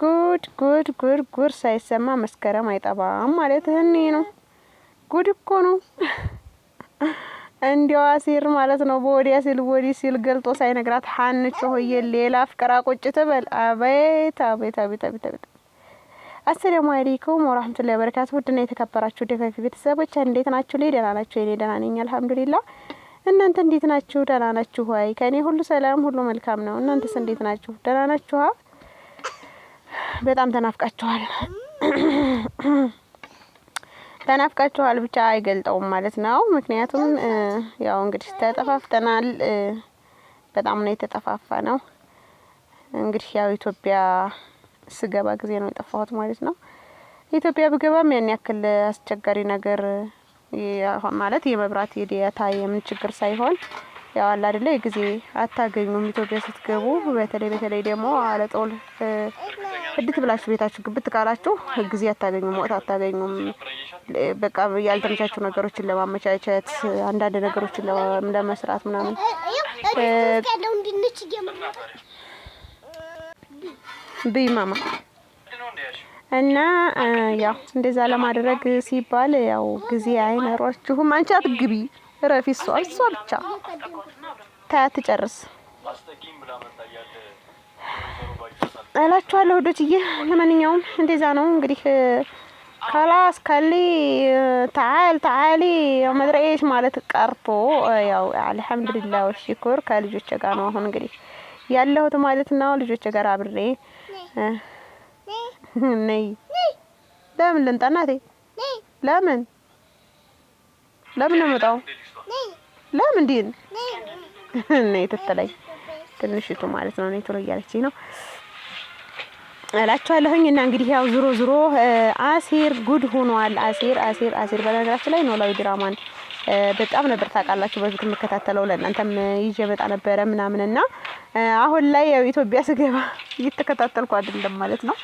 ጉድ ጉድ ጉድ ጉድ ሳይሰማ መስከረም አይጠባም ማለት እኔ ነው። ጉድ እኮ ነው። እንዲያዋ ሲል ማለት ነው። በወዲያ ሲል ወዲህ ሲል ገልጦ ሳይነግራት ሀንቾ ሆዬ ሌላ ፍቅራ ቁጭ ትበል። አቤት አቤት አቤት አቤት አቤት። አሰላሙ አለይኩም ወራህመቱላሂ ወበረካቱ። ውድና የተከበራችሁ ደጋፊ ቤተሰቦች እንዴት ናችሁ? ደህና ናችሁ? እኔ ደህና ነኝ አልሐምዱሊላህ። እናንተ እንዴት ናችሁ? ደህና ናችሁ ወይ? ከእኔ ሁሉ ሰላም፣ ሁሉ መልካም ነው። እናንተስ እንዴት ናችሁ? ደህና ናችኋ? በጣም ተናፍቃችኋል፣ ተናፍቃችኋል ብቻ አይገልጠውም ማለት ነው። ምክንያቱም ያው እንግዲህ ተጠፋፍተናል፣ በጣም ነው የተጠፋፋ ነው። እንግዲህ ያው ኢትዮጵያ ስገባ ጊዜ ነው የጠፋሁት ማለት ነው። ኢትዮጵያ ብገባም ያን ያክል አስቸጋሪ ነገር ማለት የመብራት የዲያታ የምን ችግር ሳይሆን ያው አለ አይደለ የጊዜ አታገኙም። ኢትዮጵያ ስትገቡ በተለይ በተለይ ደግሞ አለጦል እድት ብላችሁ ቤታችሁ ግብት ካላችሁ ጊዜ አታገኙም፣ ወቅት አታገኙም። በቃ ያልተመቻቹ ነገሮችን ለማመቻቸት አንዳንድ ነገሮችን ለመስራት ምናምን ብይ ማማ እና ያው እንደዛ ለማድረግ ሲባል ያው ጊዜ አይኖሯችሁም። አንቺ አትግቢ ረፊ እሷ እሷ ብቻ ታያት ትጨርስ እላችኋለሁ ወዶችዬ። ለማንኛውም እንደዛ ነው እንግዲህ ካላስ ካሊ ተዓል ተዓሊ መድረኤሽ ማለት ቀርቶ ያው አልሐምዱሊላህ ወሽኩር ከልጆች ጋር ነው አሁን እንግዲህ ያለሁት ማለት ነው። ልጆች ጋር አብሬ ነይ ለምን ልምጣ እናቴ? ለምን ለምን ልምጣው? ለምን እንዲን ነይ ትትለኝ ትንሽቱ ማለት ነው። ነይ ቶሎ እያለችኝ ነው እላችኋለሁኝ። እና እንግዲህ ያው ዝሮ ዝሮ አሴር ጉድ ሆኗል። አሴር አሴር አሴር በነገራችን ላይ ኖላዊ ድራማን በጣም ነበር ታውቃላችሁ፣ በፊት የምከታተለው ለእናንተም ይዤ በጣ ነበረ ምናምን እና አሁን ላይ ያው ኢትዮጵያ ስገባ እየተከታተልኩ አይደለም ማለት ነው።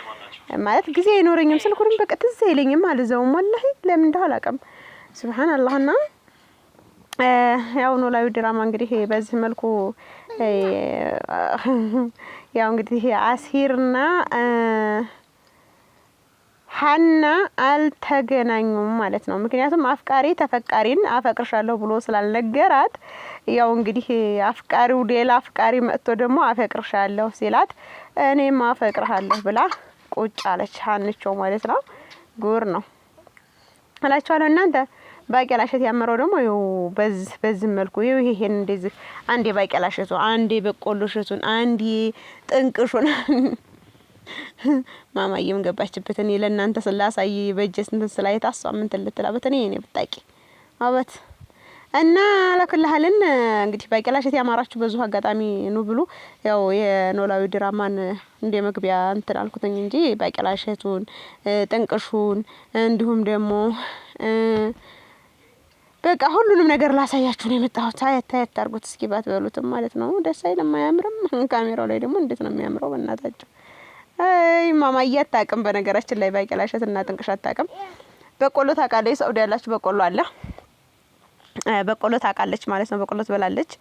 ማለት ጊዜ አይኖረኝም፣ ስልኩንም በቃ ትዝ አይለኝም፣ አልዘውም። ወላሂ ለምን እንደው አላውቅም። ስብሓን ና ያው ኖላዊ ድራማ እንግዲህ በዚህ መልኩ ያው እንግዲህ አሲርና ሀና አልተገናኙም ማለት ነው። ምክንያቱም አፍቃሪ ተፈቃሪን አፈቅርሻለሁ ብሎ ስላልነገራት ያው እንግዲህ አፍቃሪው ሌላ አፍቃሪ መጥቶ ደግሞ አፈቅርሻለሁ ሲላት እኔም አፈቅርሃለሁ ብላ ቁጭ አለች ሀንቾ ማለት ነው። ጉር ነው እላችኋለሁ እናንተ። ባቄላ እሸት ያመረው ደግሞ ይኸው በዚህ በዚህ መልኩ ይኸው ይሄን እንደዚህ አንዴ ባቄላ እሸቱን፣ አንዴ በቆሎ እሸቱን፣ አንዴ ጥንቅሹን ማማዬም ገባችበት። እኔ ለእናንተ ስላሳይ በእጄ ስንትን ስላየት አሷ ምን ትልትላበት እኔ እኔ ብታቂ አበት እና አላክልሃልን እንግዲህ ባቄላሸት ያማራችሁ በዙህ አጋጣሚ ኑ ብሉ። ያው የኖላዊ ድራማን እንደ መግቢያ እንትን አልኩትኝ እንጂ ባቄላሸቱን ጥንቅሹን፣ እንዲሁም ደግሞ በቃ ሁሉንም ነገር ላሳያችሁ ነው የመጣሁት። አየት አየት አድርጉት እስኪ ባትበሉትም ማለት ነው። ደስ አይልም? አያምርም? ካሜራው ላይ ደግሞ እንዴት ነው የሚያምረው በእናታቸው። አይ ማማዬ አታውቅም። በነገራችን ላይ ባቄላ እሸት እና ጥንቅሽ አታውቅም። በቆሎ ታውቃለች። ሰው ያላችሁ በቆሎ አለ። በቆሎ ታውቃለች ማለት ነው። በቆሎ ትበላለች።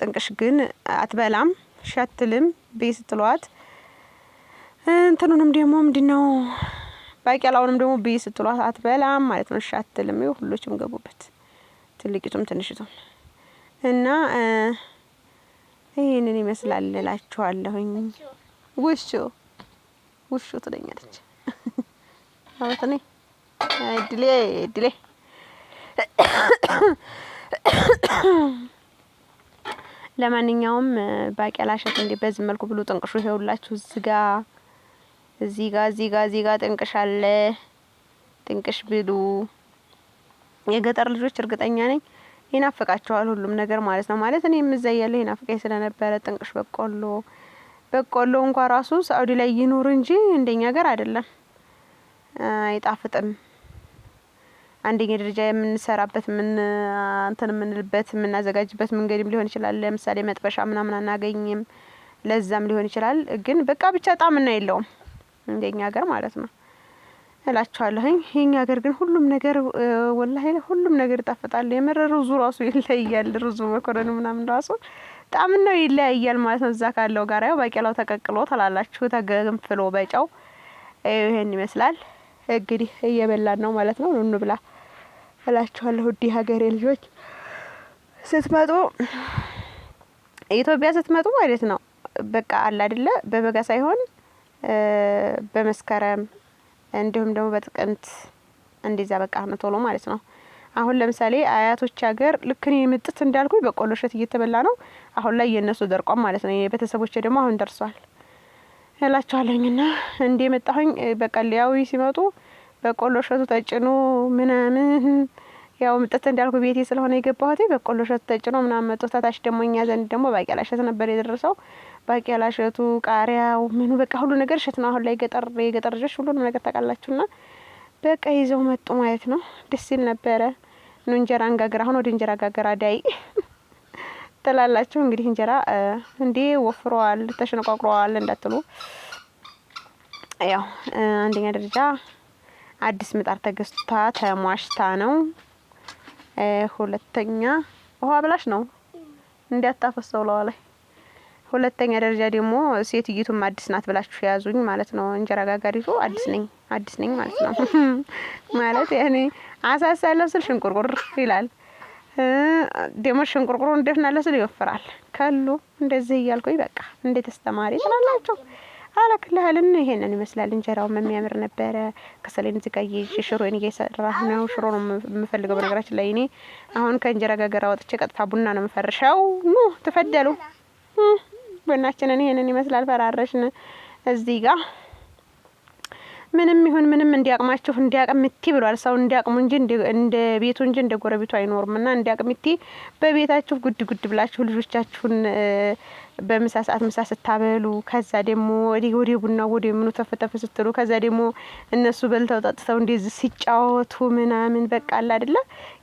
ጥንቅሽ ግን አትበላም፣ ሸትልም ቤት ስትሏት እንትኑንም ደግሞ ምንድነው ባቄላውንም ደግሞ ብይ ስትሏት አትበላም ማለት ነው። ሻትልም ይኸው ሁሎችም ገቡበት፣ ትልቂቱም ትንሽቱም እና ይህንን ይመስላል እላችኋለሁኝ። ውሹ ውሹ ትለኛለች። አቤት እኔ እድሌ እድሌ ለማንኛውም ባቄላ እሸት እንዴ በዚህ መልኩ ብሎ ጥንቅሹ ይሄውላችሁ፣ እዚጋ እዚጋ እዚጋ እዚጋ እዚህ ጋ ጥንቅሽ አለ። ጥንቅሽ ብሉ። የገጠር ልጆች እርግጠኛ ነኝ ይናፍቃቸዋል ሁሉም ነገር ማለት ነው። ማለት እኔ የምዘያለሁ ይናፍቀኝ ስለነበረ ጥንቅሽ በቆሎ በቆሎ እንኳ ራሱ ሳኡዲ ላይ ይኑር እንጂ እንደኛ ሀገር አይደለም፣ አይጣፍጥም። አንደኛ ደረጃ የምንሰራበት ምን እንትን የምንልበት የምናዘጋጅበት መንገድም ሊሆን ይችላል። ለምሳሌ መጥበሻ ምናምን አናገኝም፣ ለዛም ሊሆን ይችላል። ግን በቃ ብቻ ጣዕምና የለውም እንደኛ ሀገር ማለት ነው እላችኋለሁኝ። የኛ ሀገር ግን ሁሉም ነገር ወላሂ ሁሉም ነገር ይጣፍጣል። የምር ሩዙ ራሱ ይለያል። ሩዙ መኮረኑ ምናምን ራሱ በጣም ነው ይለያያል ማለት ነው። እዛ ካለው ጋር ያው ባቄላው ተቀቅሎ ተላላችሁ ተገንፍሎ በጨው ይሄን ይመስላል። እንግዲህ እየበላን ነው ማለት ነው። ኑኑ ብላ እላችኋለሁ። ውድ ሀገሬ ልጆች ስትመጡ ኢትዮጵያ ስትመጡ ማለት ነው በቃ አለ አይደለ በበጋ ሳይሆን በመስከረም እንዲሁም ደግሞ በጥቅምት እንደዛ በቃ ነው ቶሎ ማለት ነው። አሁን ለምሳሌ አያቶች ሀገር ልክ እኔ ምጥት እንዳልኩኝ በቆሎ እሸት እየተበላ ነው። አሁን ላይ የእነሱ ደርቋም ማለት ነው። የቤተሰቦች ደግሞ አሁን ደርሷል እላቸዋለሁኝ። ና እንዴ መጣሁኝ በቀሊያዊ ሲመጡ በቆሎ እሸቱ ተጭኖ ምናምን ያው ምጥት እንዳልኩ ቤቴ ስለሆነ የገባሁት በቆሎ እሸቱ ተጭኖ ምናምን መጡ። ታታች ደግሞ እኛ ዘንድ ደግሞ ባቄላ እሸት ነበር የደረሰው። ባቄላ እሸቱ፣ ቃሪያው፣ ምኑ በቃ ሁሉ ነገር እሸት ነው። አሁን ላይ ገጠር የገጠር ልጆች ሁሉንም ነገር ታውቃላችሁና በቃ ይዘው መጡ ማለት ነው። ደስ ሲል ነበረ። ኑ እንጀራ እንጋገር፣ አሁን ወደ እንጀራ ጋገር አዳይ ትላላችሁ እንግዲህ። እንጀራ እንዴ ወፍረዋል፣ ተሸነቋቁረዋል እንዳትሉ ያው አንደኛ ደረጃ አዲስ ምጣድ ተገዝታ ተሟሽታ ነው። ሁለተኛ ውሃ ብላሽ ነው እንዲያታፈሰው ለዋ ሁለተኛ ደረጃ ደግሞ ሴትይቱም አዲስ ናት ብላችሁ የያዙኝ ማለት ነው። እንጀራ ጋጋሪቱ አዲስ ነኝ አዲስ ነኝ ማለት ነው። ማለት ያኔ አሳሳለሁ ስል ሽንቁርቁር ይላል። ደግሞ ሽንቁርቁሩ እንደፍናለሁ ስል ይወፍራል። ከሉ እንደዚህ እያልኩኝ በቃ እንዴት አስተማሪ ትላላችሁ። አላክልህልን ይሄንን ይመስላል። እንጀራውም የሚያምር ነበረ። ከሰሌን እዚህ ጋር እየይዤ ሽሮዬን ነው። ሽሮ ነው የምፈልገው በነገራችን ላይ እኔ አሁን ከእንጀራ ጋገራ ወጥቼ ቀጥታ ቡና ነው የምፈርሸው። ኑ ትፈደሉ ቡናችንን ይሄንን ይመስላል። ፈራረሽን እዚህ ጋር ምንም ይሁን ምንም እንዲያቅማችሁ እንዲያቅምቲ ብሏል። ሰው እንዲያቅሙ እንጂ እንደ ቤቱ እንጂ እንደ ጎረቤቱ አይኖርም። እና እንዲያቅምቲ በቤታችሁ ጉድ ጉድ ብላችሁ ልጆቻችሁን በምሳ ሰዓት ምሳ ስታበሉ፣ ከዛ ደግሞ ወዲህ ቡና ወዲህ ምኑ ተፈተፈ ስትሉ፣ ከዛ ደግሞ እነሱ በልተው ጠጥተው እንደዚህ ሲጫወቱ ምናምን በቃ አለ አይደለ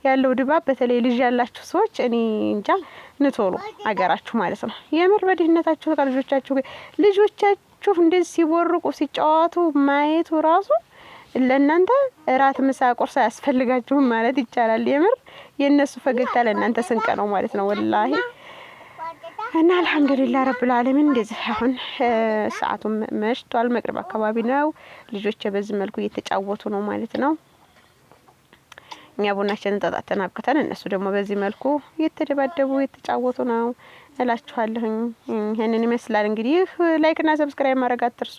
ያለው ድባብ። በተለይ ልጅ ያላችሁ ሰዎች እኔ እንጃ ንቶሎ አገራችሁ ማለት ነው የምር በድህነታችሁ ልጆቻችሁ ልጆቻችሁ ልጆቻችሁ እንደዚህ ሲቦርቁ ሲጫወቱ ማየቱ ራሱ ለእናንተ እራት፣ ምሳ፣ ቁርስ አያስፈልጋችሁም ማለት ይቻላል። የምር የእነሱ ፈገግታ ለእናንተ ስንቅ ነው ማለት ነው ወላሂ እና አልሐምዱሊላህ ረብል ዓለሚን እንደዚህ አሁን ሰዓቱም መሽቷል፣ መቅረብ አካባቢ ነው። ልጆች በዚህ መልኩ እየተጫወቱ ነው ማለት ነው። እኛ ቡናችንን ጠጣተን አብቅተን እነሱ ደግሞ በዚህ መልኩ እየተደባደቡ እየተጫወቱ ነው። እላችኋለሁኝ። ይህንን ይመስላል እንግዲህ። ላይክና ሰብስክራይብ ማድረግ አትርሱ።